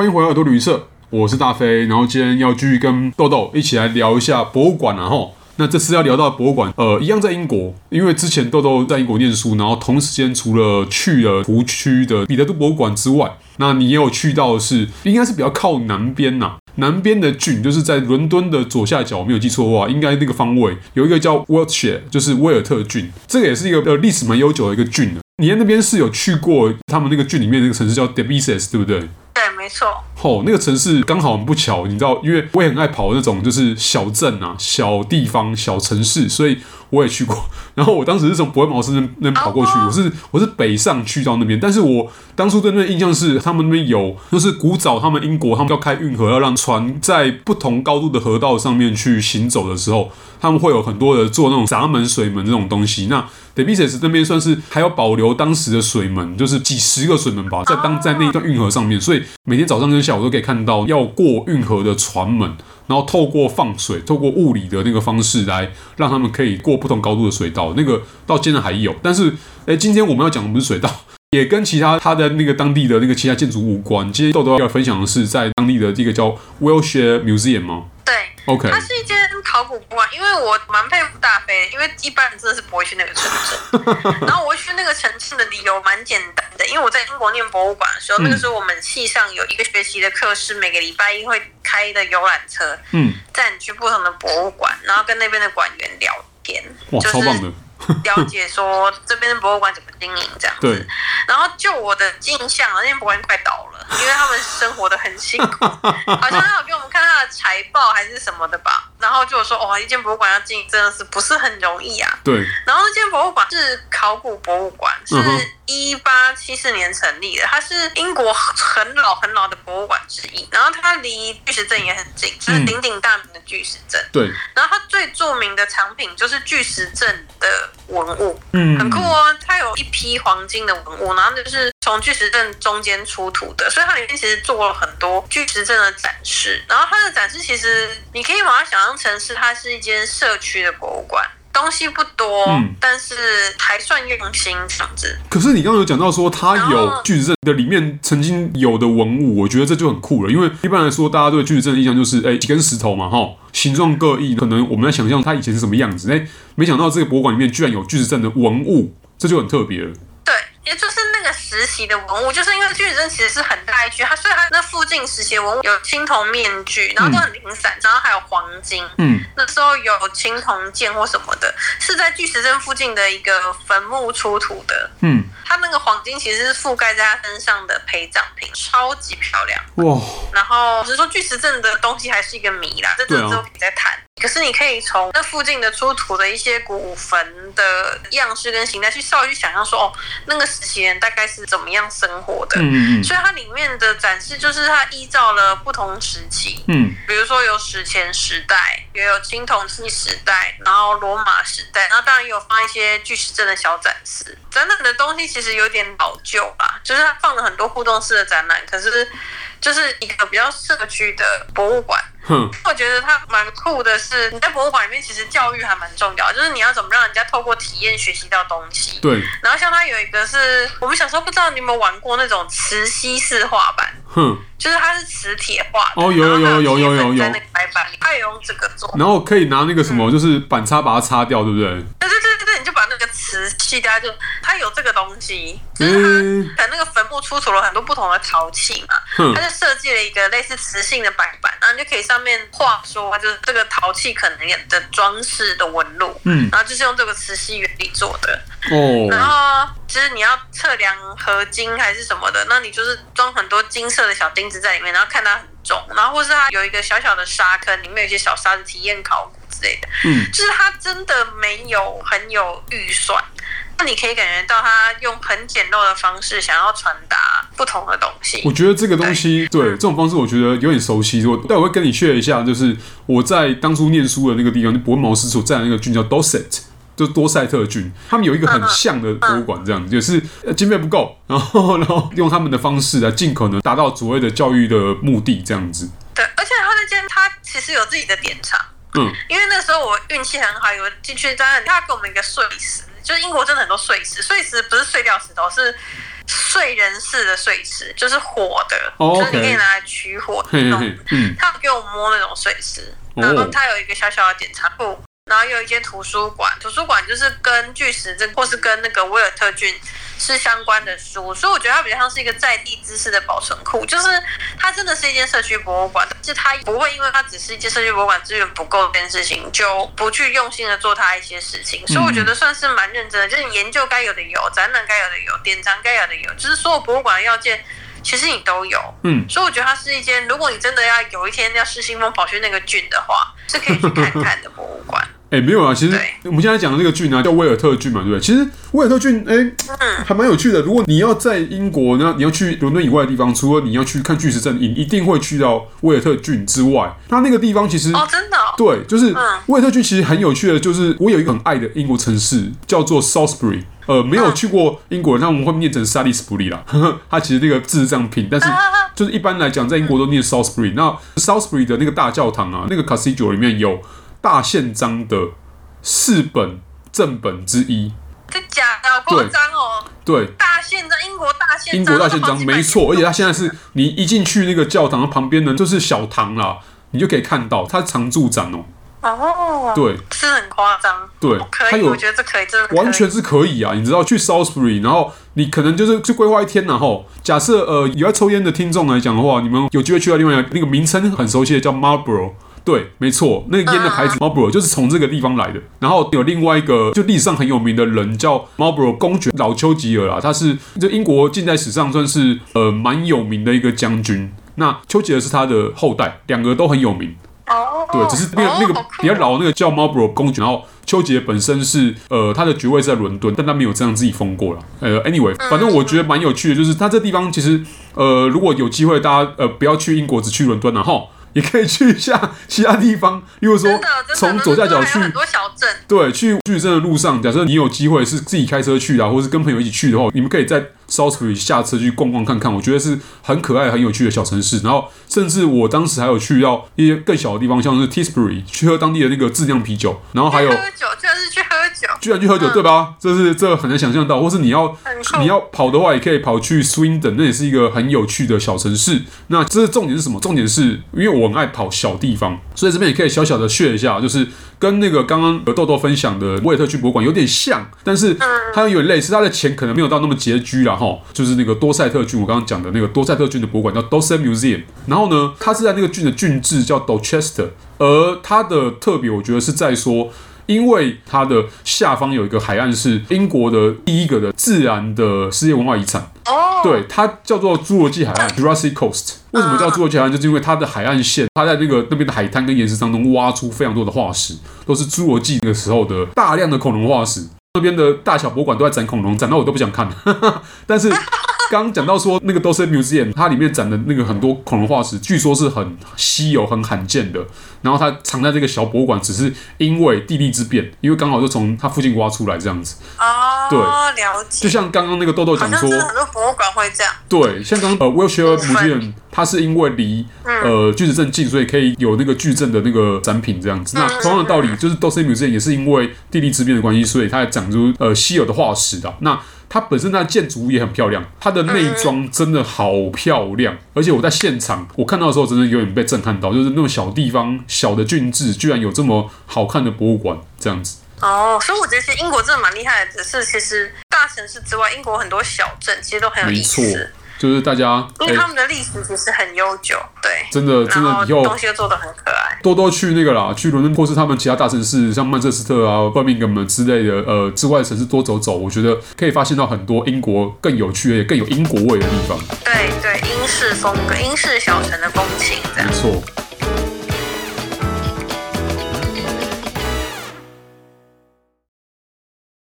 歡迎回到耳朵旅社，我是大飛。然後今天要繼續跟豆豆一起來聊一下博物館然、啊、哈。那這次要聊到博物館，呃，一樣在英國，因為之前豆豆在英國念書，然後同時間除了去了湖區的彼得兔博物館之外，那你也有去到的是應該是比較靠南邊吶、啊，南邊的郡就是在倫敦的左下角，我沒有記錯的話，應該那個方位有一個叫 Wiltshire 就是威爾特郡，這個也是一個、呃、歷史蠻悠久的一個郡。你在那邊是有去過他們那個郡裡面的那個城市叫 Devizes 對不對？沒錯，吼、哦，那個城市剛好很不巧，你知道，因為我也很愛跑那種就是小鎮啊、小地方、小城市，所以我也去過。然後我當時是從博恩茅斯那那跑過去，我是我是北上去到那邊。但是我當初對那印象是，他們那邊有就是古早他們英國他們要開運河，要讓船在不同高度的河道上面去行走的時候，他們會有很多的做那種閘門、水門這種東西。那德比 s 那邊算是還要保留當時的水門，就是幾十個水門吧，在當在那一段運河上面，所以每天早上跟下午都可以看到要過運河的船門，然後透過放水，透過物理的那個方式來讓他們可以過不同高度的水道。那個到現在還有，但是誒，今天我們要講的不是水道，也跟其他它的那個當地的那個其他建築物無關。今天豆豆要分享的是在當地的這個叫 Welsh Museum 嗎？對，OK，考古博物館，因為我蠻佩服大飛的，因為一般人真的是不會去那個城鎮。 然後我去那個城市的理由蠻簡單的，因為我在英國念博物館的時候，嗯、那個時候我們系上有一個學習的課，是每個禮拜一會開的遊覽車，嗯，載你去不同的博物館，然後跟那邊的館員聊天，哇，就是哇，超棒的，了解說這邊的博物館怎麼經營這樣子。對。然後就我的印象啊，那邊博物館快倒了，因為他們生活的很辛苦， 好像他有給我們看他的財報還是什麼的吧。然後就說哦，一間博物館要進行真的是不是很容易啊？對。然後那間博物館是考古博物館，是一八七四年成立的，嗯、哼它是英國很老很老的博物館之一。然後它離巨石陣也很近，就是鼎鼎大名的巨石陣。嗯、對。然後它最著名的藏品就是巨石陣的文物，嗯，很酷哦。它有一批黃金的文物，然後就是。從巨石陣中間出土的，所以它裡面其實做了很多巨石陣的展示。然後它的展示其實你可以把它想象成是它是一間社區的博物館，東西不多，嗯、但是還算用心這樣子，甚至。可是你剛剛有講到說它有巨石陣的裡面曾經有的文物，我覺得這就很酷了。因為一般來說大家對巨石陣的印象就是哎、欸、幾根石頭嘛，哈，形狀各異，可能我們在想象它以前是什麼樣子。哎、欸，沒想到這個博物館裡面居然有巨石陣的文物，這就很特別了。奇的文物，就是因為巨石陣其實是很大一區，它所以他那附近是些文物有青銅面具，然後都很零散，然後還有黃金，嗯，那時候有青銅劍或什麼的，是在巨石陣附近的一個墳墓出土的。嗯，它那個黃金其實是覆蓋在他身上的陪葬品，超級漂亮哇！然後，只是說巨石陣的東西還是一個謎啦，這之後可以再談。可是你可以從那附近的出土的一些古墳的樣式跟形態去稍微想象說，哦，那個時期人大概是怎麼樣生活的。嗯嗯嗯。所以它裡面的展示就是它依照了不同時期，嗯，比如說有史前時代，也有青銅器時代，然後羅馬時代，然後當然也有放一些巨石陣的小展示。展覽的東西其實有點老舊吧，就是它放了很多互動式的展覽，可是就是一個比較社區的博物館。我覺得它蠻酷的是，你在博物館裡面其實教育還蠻重要的，就是你要怎麼讓人家透過體驗學習到東西。對。然後像它有一個是我們小時候不知道你有沒有玩過那種磁吸式畫板，哼，就是它是磁鐵畫的。哦，有有有有有有有。在那個白板裡，它也用這個做。然後可以拿那個什麼，就是板擦把它擦掉，嗯，把它擦掉，對不對？學家就它有這個東西，就是它可能那個墳墓出土了很多不同的陶器嘛，它就設計了一個類似磁性的板板，然後你就可以上面畫說，就是這個陶器可能有的裝飾的紋路，嗯，然後就是用這個磁吸原理做的，哦，然後其實你要測量合金還是什麼的，那你就是裝很多金色的小釘子在裡面，然後看它很重，然後或是它有一個小小的沙坑，裡面有些小沙子，體驗考古之類的，嗯，就是它真的沒有很有預算。那你可以感覺到他用很簡陋的方式想要傳達不同的東西。我覺得這個東西，對，對這種方式，我覺得有點熟悉。所以我但我會跟你確認一下，就是我在當初念書的那個地方，就伯恩茅斯所在的那個郡叫 Dorset 就多塞特郡，他們有一個很像的博物館，這樣子，嗯嗯、就是經費不夠，然後然後用他們的方式來儘可能達到所謂的教育的目的，這樣子。對，而且他那間他其實有自己的典藏，嗯，因為那時候我運氣很好，有進去，那裡，他給我們一個睡室。就是英國真的很多燧石。燧石不是碎掉石頭，是燧人氏的燧石，就是火的，oh, okay. 就是你可以拿來取火的那種。他、mm hmm. 給我摸那種燧石，oh. 然後他有一個小小的典藏部，然後有一間圖書館，圖書館就是跟巨石、陣，或是跟那個威爾特郡。是相關的書，所以我覺得它比較像是一個在地知識的保存庫，就是它真的是一間社區博物館，但是它不會因為它只是一間社區博物館資源不夠這件事情，就不去用心的做它一些事情。所以我覺得算是蠻認真的，就是研究該有的有，展覽該有的有，典藏該有的有，就是所有博物館的要件其實你都有。嗯，所以我覺得它是一間，如果你真的要有一天要失心瘋跑去那個郡的話，是可以去看看的博物館。哎，沒有啊，其實我們現在講的那個郡呢、啊，對叫威爾特郡嘛，對不對？其實威爾特郡，哎，還蠻有趣的。如果你要在英國呢，你要去倫敦以外的地方，除了你要去看巨石陣，你一定會去到威爾特郡之外。那那個地方其實哦，真的、哦、對，就是威爾特郡，其實很有趣的。就是我有一個很愛的英國城市叫做 Salisbury 呃，沒有去過英國，那、嗯、我們會念成 Salisbury 啦呵呵，它其實那個字這樣拼，但是就是一般來講，在英國都念 Salisbury 那 Salisbury 的那個大教堂啊，那個 Cathedral 裡面有，大憲章的四本正本之一，這假的好誇張哦！對，大憲章，英國大憲，英國大憲章沒錯，而且它現在是，你一進去那個教堂的旁邊呢，就是小堂啦，你就可以看到它常駐展哦。哦，對，對，是很誇張，對，可以。我覺得是可以，這完全是可以啊！你知道去 Salisbury，l 然後你可能就是去規劃一天，然後假設呃，有要抽菸的聽眾來講的話，你們有機會去到另外一個那個名稱很熟悉的叫 Marlborough l。對，沒錯，那個煙的牌子、uh, Marlboro 就是從這個地方來的。然後有另外一個，就歷史上很有名的人叫 Marlborough 公爵老丘吉爾啊，他是這英國近代史上算是呃蠻有名的一個將軍。那丘吉爾是他的後代，兩個都很有名。哦，對，只是那個、那個、比較老的那個叫 Marlborough 公爵，然後丘吉爾本身是呃他的爵位是在倫敦，但他沒有這樣自己封過了。呃，Anyway，反正我覺得蠻有趣的，就是他這地方其實呃如果有機會大家呃不要去英國只去倫敦，然後。也可以去一下其他地方，如果說從左下角去，對，去巨陣的路上，假設你有機會是自己開車去啊，或是跟朋友一起去的話，你們可以在 Salisbury 下車去逛逛看看，我覺得是很可愛、很有趣的小城市。然後，甚至我當時還有去到一些更小的地方，像是 Tisbury 去喝當地的那個自釀啤酒，然後還有。居然去喝酒，嗯、對吧？這是這個、很難想象到，或是你要、嗯、你要跑的話，也可以跑去 Swindon。那也是一個很有趣的小城市。那這是重點是什麼？重點是，因為我很愛跑小地方，所以這邊也可以小小的炫一下，就是跟那個剛剛呃豆豆分享的威爾特郡博物館有點像，但是它有點類似，它的錢可能沒有到那麼拮据了哈。就是那個多塞特郡，我剛剛講的那個多塞特郡的博物館叫 Dorset Museum，然後呢，它是在那個郡的郡治叫 Dorchester，而它的特別，我覺得是在說。因為它的下方有一個海岸是英國的第一個的自然的世界文化遺產，對，它叫做侏羅紀海岸 （Jurassic Coast）。為什麼叫侏羅紀海岸？就是因為它的海岸線，它在那個那邊的海灘跟岩石當中挖出非常多的化石，都是侏羅紀的時候的大量的恐龍化石。那邊的大小博物館都在展恐龍展到我都不想看，哈哈。但是。剛剛講到說，那個 Dorset Museum 它裡面展的那個很多恐龍化石，據說是很稀有、很罕見的。然後它藏在這個小博物館，只是因為地利之便，因為剛好就從它附近挖出來這樣子。哦，對，了解。就像剛剛那個豆豆講說，很多博物館會這樣。對，像剛剛呃，Wiltshire Museum、 嗯、它是因為離、嗯、呃巨石陣近，所以可以有那個巨石的那個展品這樣子。那同樣的道理，就是 Dorset Museum 也是因為地利之便的關係，所以它展出呃稀有的化石的。那它本身那建築物也很漂亮，它的內裝真的好漂亮，嗯、而且我在現場我看到的時候，真的有點被震撼到，就是那種小地方小的郡治，居然有這麼好看的博物館這樣子。哦，所以我覺得其實英國真的蠻厲害的，只是其實大城市之外，英國很多小鎮其實都很有意思。沒錯。就是大家，因為他們的歷史其實很悠久，對，真的真的後以後東西都做得很可愛，多多去那個啦，去倫敦或是他們其他大城市，像曼徹斯特啊、伯明翰之類的，呃，之外的城市多走走，我覺得可以發現到很多英國更有趣也更有英國味的地方。對對，英式風格、英式小城的風情，對，沒錯。